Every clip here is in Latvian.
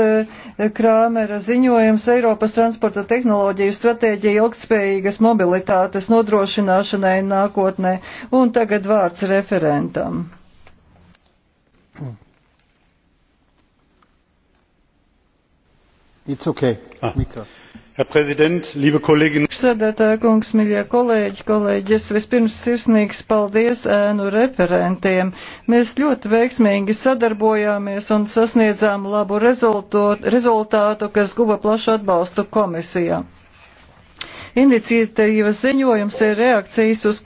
E, Krāmera ziņojums Eiropas transporta tehnoloģiju stratēģija ilgtspējīgas mobilitātes nodrošināšanai nākotnē. Un tagad vārds referentam. It's okay. Ah. Mika. Herr Präsident, liebe Kolleginnen! Priekšsēdētāja kungs, mīļie kolēģi, kolēģis, vispirms sirsnīgs paldies ēnu referentiem. Mēs ļoti veiksmīgi sadarbojāmies un sasniedzām labu rezultātu, rezultātu kas guva plašu atbalstu komisijā. Iniciatīvas ziņojums ir reakcijas uz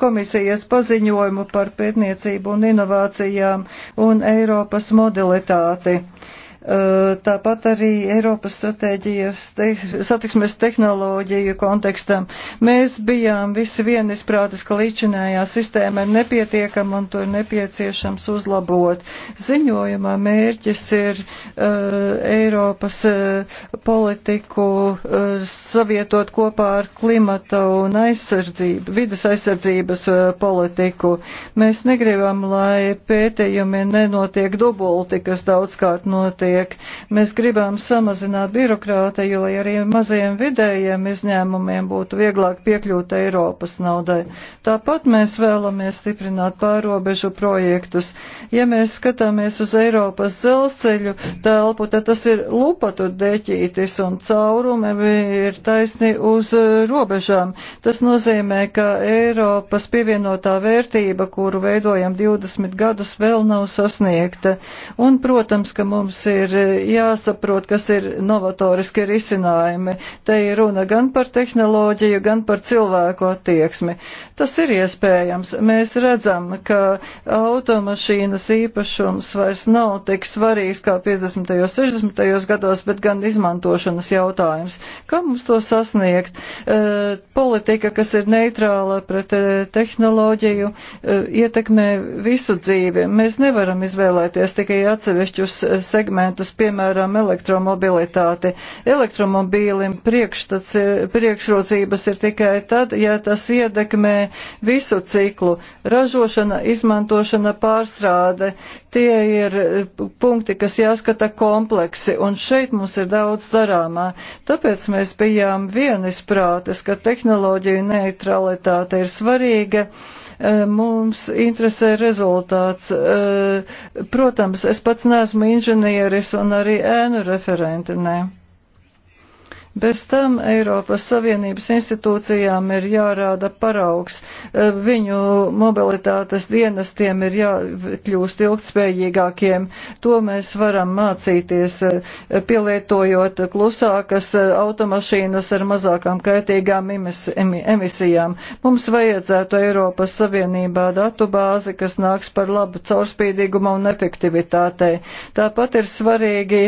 komisijas paziņojumu par pētniecību un inovācijām un Eiropas modelitāti. Eh, tāpat arī Eiropas stratēģijas te, satiksmes tehnoloģiju kontekstam. Mēs bijām visi vienisprātis, ka līdzinājā sistēma ir nepietiekama un to ir nepieciešams uzlabot. Ziņojumā mērķis ir uh, Eiropas uh, politiku uh, savietot kopā ar klimata un aizsardzību, vidas aizsardzības uh, politiku. Mēs negribam, lai pētījumi nenotiek dubulti, kas daudzkārt notiek notiek. Mēs gribam samazināt birokrātiju, lai arī mazajiem vidējiem izņēmumiem būtu vieglāk piekļūt Eiropas naudai. Tāpat mēs vēlamies stiprināt pārobežu projektus. Ja mēs skatāmies uz Eiropas dzelzceļu telpu, tad tas ir lupatu deķītis un caurumi ir taisni uz eh, robežām. Tas nozīmē, ka Eiropas pievienotā vērtība, kuru veidojam 20 gadus, vēl nav sasniegta. Un, protams, ka mums ir ir eh, jāsaprot, kas ir novatoriski risinājumi. Te ir runa gan par tehnoloģiju, gan par cilvēku attieksmi. Tas ir iespējams. Mēs redzam, ka automašīnas īpašums vairs nav tik svarīgs kā 50. un 60. gados, bet gan izmantošanas jautājums. Kā mums to sasniegt? Eh, politika, kas ir neitrāla pret eh, tehnoloģiju, ietekmē visu dzīvi. Mēs nevaram izvēlēties tikai atsevišķus segmentus elementus, piemēram, elektromobilitāti. Elektromobīlim priekšrocības ir tikai tad, ja tas iedekmē visu ciklu - ražošana, izmantošana, pārstrāde. Tie ir eh, punkti, kas jāskata kompleksi, un šeit mums ir daudz darāmā. Tāpēc mēs bijām vienisprātes, ka tehnoloģiju neutralitāte ir svarīga. Eh, mums interesē rezultāts. Eh, protams, es pats neesmu inženieris un arī ēnu referenti, ne. Bez tam Eiropas Savienības institūcijām ir jārāda paraugs. E, viņu mobilitātes dienestiem ir jākļūst ilgtspējīgākiem. To mēs varam mācīties, e, pielietojot klusākas e, automašīnas ar mazākām kaitīgām emisijām. Mums vajadzētu Eiropas Savienībā datu bāzi, kas nāks par labu caurspīdīgumu un efektivitātei. Tāpat ir svarīgi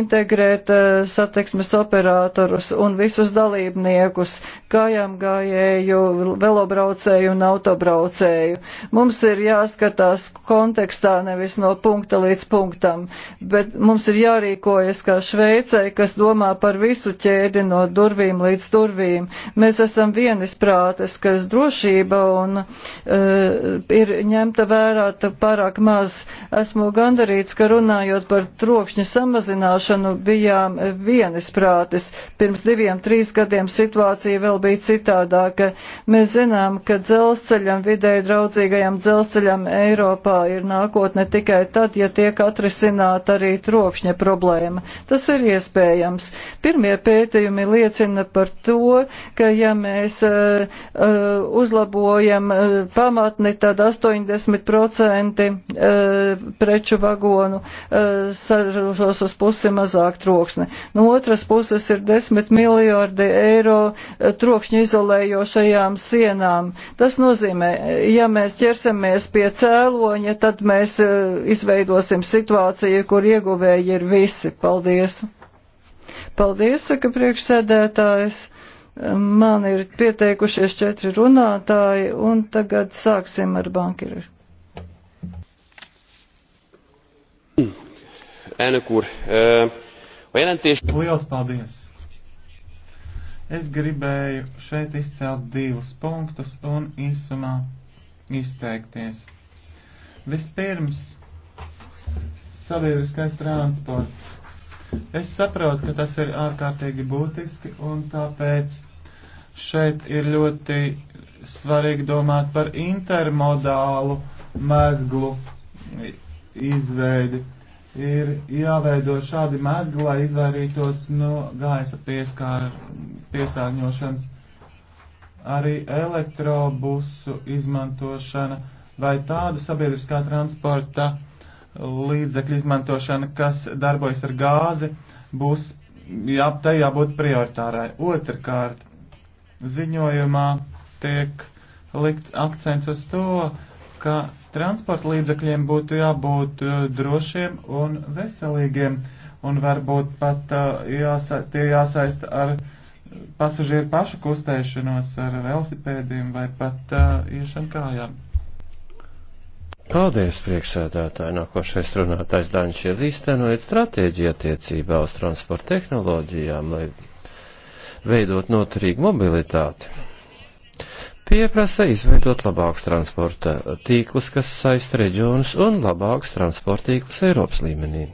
integrēt satiksmes operāciju operatorus un visus dalībniekus, kājām gājēju, velobraucēju un autobraucēju. Mums ir jāskatās kontekstā nevis no punkta līdz punktam, bet mums ir jārīkojas kā Šveicei, kas domā par visu ķēdi no durvīm līdz durvīm. Mēs esam vienisprātes, kas drošība un, uh, ir ņemta vērā pārāk maz. Esmu gandarīts, ka runājot par trokšņa samazināšanu bijām vienisprātes. Pirms diviem, trīs gadiem situācija vēl bija citādāka. Mēs zinām, ka dzelzceļam, vidēji draudzīgajam dzelzceļam Eiropā ir nākotne tikai tad, ja tiek atrisināt arī tropšņa problēma. Tas ir iespējams. Pirmie pētījumi liecina par to, ka ja mēs uh, uh, uzlabojam uh, pamatni, tad 80% uh, preču vagonu uh, saržos uz pusi mazāk troksni. No otras puses ir 10 miljardi eiro eh, trokšņu izolējošajām sienām. Tas nozīmē, eh, ja mēs ķersimies pie cēloņa, tad mēs eh, izveidosim situāciju, kur ieguvēji ir visi. Paldies! Paldies, saka priekšsēdētājs. Man ir pieteikušies četri runātāji, un tagad sāksim ar bankiru. elnök úr! a jelentés. Liels paldies! Es gribēju šeit izcelt divus punktus un īsumā izteikties. Vispirms, sabiedriskais transports. Es saprotu, ka tas ir ārkārtīgi būtiski un tāpēc šeit ir ļoti svarīgi domāt par intermodālu mezglu izveidi ir jāveido šādi mezgli, lai izvairītos no gaisa pieskār, piesārņošanas. Arī elektrobusu izmantošana vai tādu sabiedriskā transporta līdzekļu izmantošana, kas darbojas ar gāzi, būs jā, tai jābūt prioritārai. Otrakārt, ziņojumā tiek likts akcents uz to, ka transporta līdzekļiem būtu jābūt e, drošiem un veselīgiem, un varbūt pat e, jāsa, tie jāsaista ar pasažieru pašu kustēšanos, ar velosipēdiem vai pat uh, e, iešanu kājām. Paldies, priekšsēdētāji. Nākošais runātājs Daņšiel īstenojot stratēģiju attiecībā uz transporta tehnoloģijām, lai veidot noturīgu mobilitāti pieprasa izveidot labākus transporta tīklus, kas saist reģionus un labākus transporta tīklus Eiropas līmenī.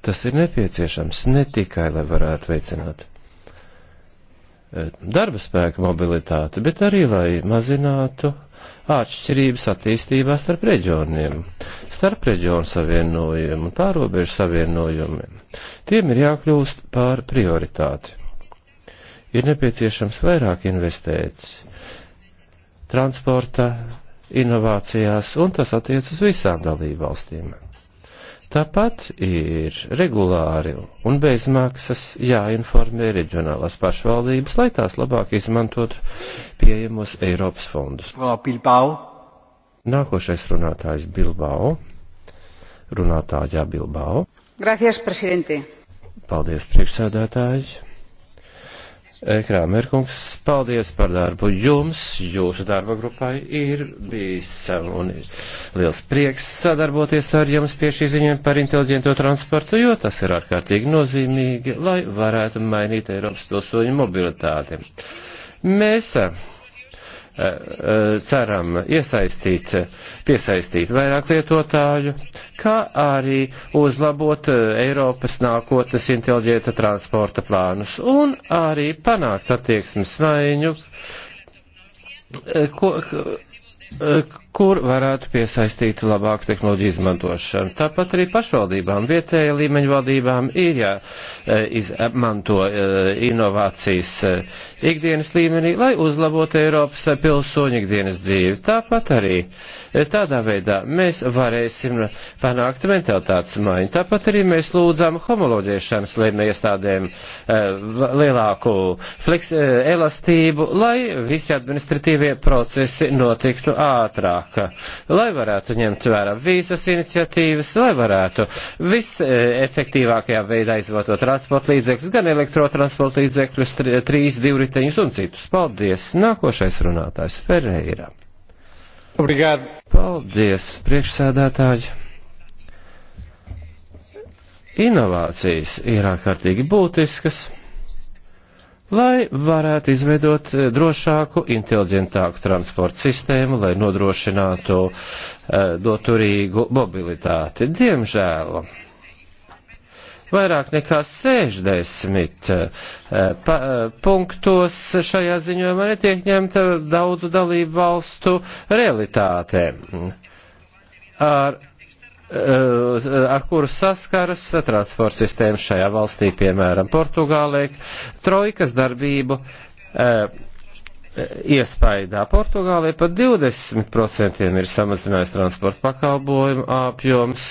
Tas ir nepieciešams ne tikai, lai varētu veicināt eh, darba spēka mobilitāti, bet arī, lai mazinātu atšķirības attīstībā starp reģioniem, starp reģionu savienojumu un pārobežu savienojumiem. Tiem ir jākļūst par prioritāti ir nepieciešams vairāk investēt transporta inovācijās, un tas attiec uz visām dalību valstīm. Tāpat ir regulāri un bezmaksas jāinformē reģionālās pašvaldības, lai tās labāk izmantot pieejamos Eiropas fondus. Bilbao. Nākošais runātājs Bilbao. Runātājā Bilbao. Gracias, prezidente. Paldies, priekšsēdētāji. Krāmerkungs, paldies par darbu jums, jūsu darba grupai ir bijis eh, un ir liels prieks sadarboties ar jums pie šī ziņojuma par inteliģento transportu, jo tas ir ārkārtīgi nozīmīgi, lai varētu mainīt Eiropas pilsoņu mobilitāti. Mēs eh, ceram iesaistīt, piesaistīt vairāk lietotāju, kā arī uzlabot eh, Eiropas nākotnes inteliģēta transporta plānus un arī panākt attieksmes maiņu, eh, ko, eh, kur varētu piesaistīt labāku tehnoloģiju izmantošanu. Tāpat arī pašvaldībām, vietējā līmeņa valdībām ir jāizmanto e, e, inovācijas e, ikdienas līmenī, lai uzlabotu Eiropas pilsoņu ikdienas dzīvi. Tāpat arī tādā veidā mēs varēsim panākt mentalitātes maiņu. Tāpat arī mēs lūdzām homoloģēšanas līmeņa iestādēm lielāku fleks, elastību, lai visi administratīvie procesi notiktu ātrāk tālāk, lai varētu ņemt vērā visas iniciatīvas, lai varētu visefektīvākajā e, veidā izmantot transporta līdzekļus, gan elektrotransporta līdzekļus, trīs divriteņus un citus. Paldies! Nākošais runātājs Ferreira. Obrigado. Paldies, priekšsēdētāji! Inovācijas ir ārkārtīgi būtiskas lai varētu izveidot eh, drošāku, inteliģentāku transportu sistēmu, lai nodrošinātu uh, eh, doturīgu mobilitāti. Diemžēl vairāk nekā 60 eh, pa, punktos šajā ziņojumā netiek ņemta daudzu dalību valstu realitāte. Ar Eh, eh, ar kuru saskaras transporta sistēma šajā valstī, piemēram, Portugālē, trojkas darbību eh, iespaidā. Portugālē pat 20% ir samazinājis transporta pakalpojumu apjoms,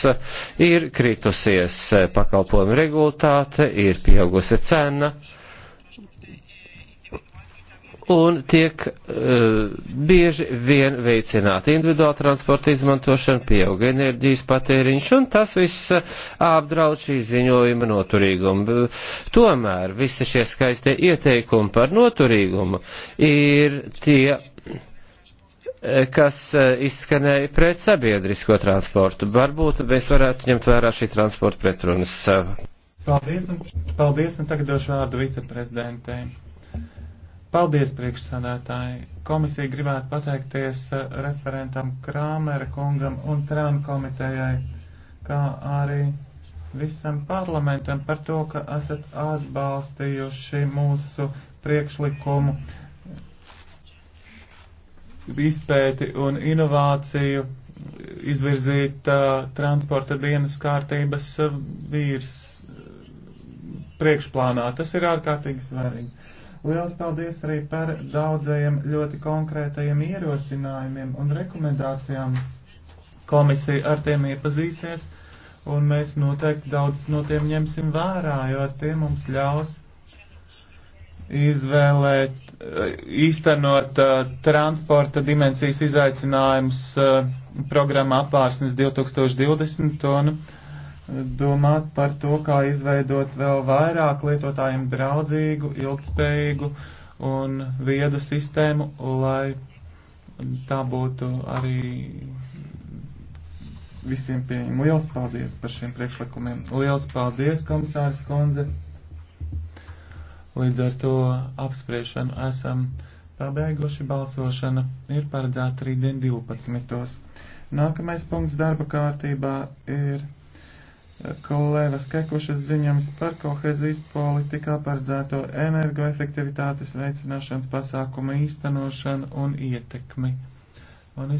ir kritusies pakalpojumu regulātāte, ir pieaugusi cena. Uh, un tiek uh, bieži vien veicināta individuāla transporta izmantošana, pieauga enerģijas patēriņš, un tas viss e, apdraud šī ziņojuma noturīgumu. Tomēr visi šie skaistie ieteikumi par noturīgumu ir tie e, kas izskanēja pret sabiedrisko transportu. Varbūt mēs varētu ņemt vērā šī transporta pretrunas. Paldies, un, paldies, un tagad došu vārdu viceprezidentei. Paldies, priekšsādātāji! Komisija gribētu pateikties eh, referentam Krāmera kungam un Trānu komitejai, kā arī visam parlamentam par to, ka esat atbalstījuši mūsu priekšlikumu izpēti un inovāciju izvirzīt uh, transporta dienas kārtības uh, vīrs uh, priekšplānā. Tas ir ārkārtīgi svarīgi. Liels paldies arī par daudzajiem ļoti konkrētajiem ierosinājumiem un rekomendācijām. Komisija ar tiem iepazīsies, un mēs noteikti daudz no tiem ņemsim vērā, jo tie mums ļaus izvēlēt, eh, īstenot uh, transporta dimensijas izaicinājumus uh, eh, programmā apvārsnes 2020. Un, uh, domāt par to, kā izveidot vēl vairāk lietotājiem draudzīgu, ilgspējīgu un viedu sistēmu, lai tā būtu arī visiem pieņem. Liels paldies par šiem priekšlikumiem. Liels paldies, komisārs Konze. Līdz ar to apspriešanu esam pabeiguši. Balsošana ir paredzēta rītdien 12. Nākamais punkts darba kārtībā ir kolēvas kekušas ziņojums par kohezijas politikā paredzēto energoefektivitātes veicināšanas pasākumu īstenošanu un ietekmi. Un